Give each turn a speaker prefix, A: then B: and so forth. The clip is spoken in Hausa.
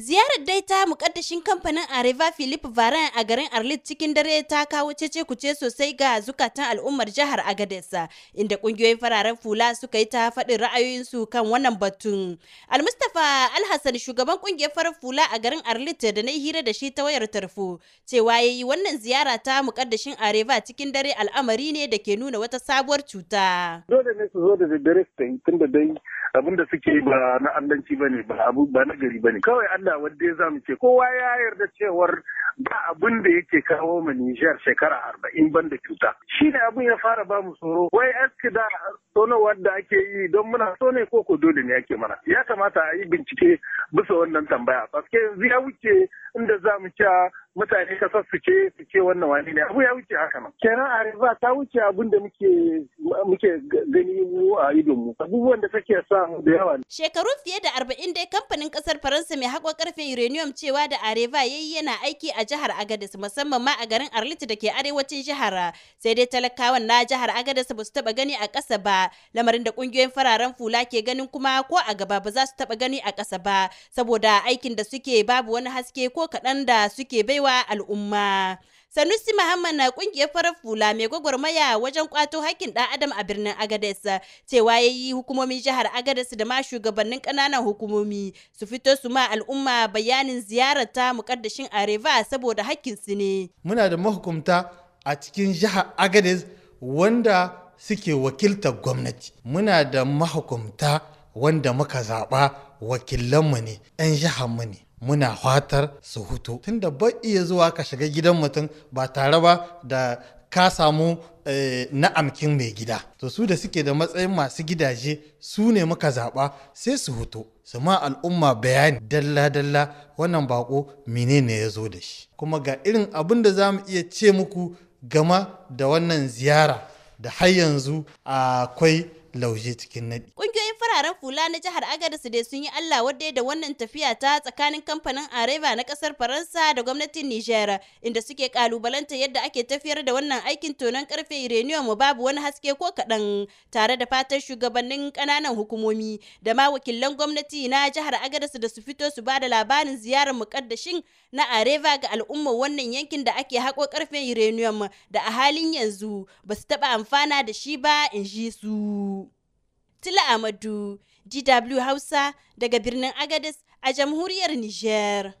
A: Ziyarar dai ta mukaddashin kamfanin Areva Philip Varan a garin Arlit cikin dare ta kawo cece kuce sosai ga zukatan al'ummar jihar Agadesa inda kungiyoyin fararen fula suka yi ta faɗin ra'ayoyinsu kan wannan batun. Almustafa Alhassan shugaban kungiyar farar fula a garin Arlit da na yi hira da shi ta wayar tarfo cewa yayi wannan ziyara ta mukaddashin Areva cikin dare al'amari ne da ke nuna wata sabuwar cuta.
B: Dole ne su zo da daddare su tunda dai abin da suke ba na andanci bane ba abu ba na gari bane kawai Allah wanda ya zamu ce kowa ya yarda cewar ba abin da yake kawo ma Nijar shekara arba'in ban da cuta shi ne abin ya fara ba mu tsoro wai aski da sonowar wanda ake yi don muna so ne ko ko dole ne ake mana ya kamata a yi bincike bisa wannan tambaya paske yanzu ya wuce inda zamu cewa mutane ka ke su ke wannan wani ne abu ya wuce haka nan kenan riba ta wuce abin da muke muke gani mu a idon mu abubuwan da take sa da yawa
A: shekaru fiye da arba'in dai kamfanin kasar faransa mai haƙo karfe uranium cewa da areva yayi yana aiki a jihar agadez musamman ma a garin arliti da ke arewacin jihar sai dai talakawan na jihar agadez ba su taba gani a ƙasa ba lamarin da ƙungiyoyin fararen fula ke ganin kuma ko a gaba ba za su taba gani a ƙasa ba saboda aikin da suke babu wani haske ko kaɗan da suke bai baiwa al'umma. Sanusi Muhammad na kungiyar farar fula mai gwagwarmaya wajen kwato hakkin ɗan adam a birnin Agadez cewa ya yi hukumomin jihar Agadez da ma shugabannin ƙananan hukumomi su fito su ma al'umma bayanin ziyarar ta mukaddashin Areva saboda hakkin su ne.
C: Muna da mahukumta a cikin jihar Agadez wanda suke wakiltar gwamnati. Muna da mahukumta wanda muka zaɓa wakilanmu ne, 'yan mu ne. muna fatar su hutu tunda ba iya zuwa ka shiga gidan mutum ba tare ba da ka samu eh, na'amkin mai gida to su da suke da matsayin masu gidaje su ne muka zaɓa sai su hutu su ma al'umma bayani dalla-dalla wannan bako menene ya zo da shi kuma ga irin abin da za mu iya ce muku gama da wannan ziyara da har yanzu akwai lauje cikin naɗi
A: fararen fula na jihar su dai sun yi Allah wadda da wannan tafiya ta tsakanin kamfanin Areva na kasar Faransa da gwamnatin Niger inda suke kalubalanta yadda ake tafiyar da wannan aikin tonon karfe uranium babu wani haske ko kaɗan tare da fatan shugabannin ƙananan hukumomi da ma wakilan gwamnati na jihar su da su fito su ba da labarin ziyarar mukaddashin na Areva ga al'ummar wannan yankin da ake haƙo karfe uranium da a halin yanzu ba su taɓa amfana da shi ba in ji su. Tila Amadu, DW Hausa daga birnin Agadez a jamhuriyar Nijar.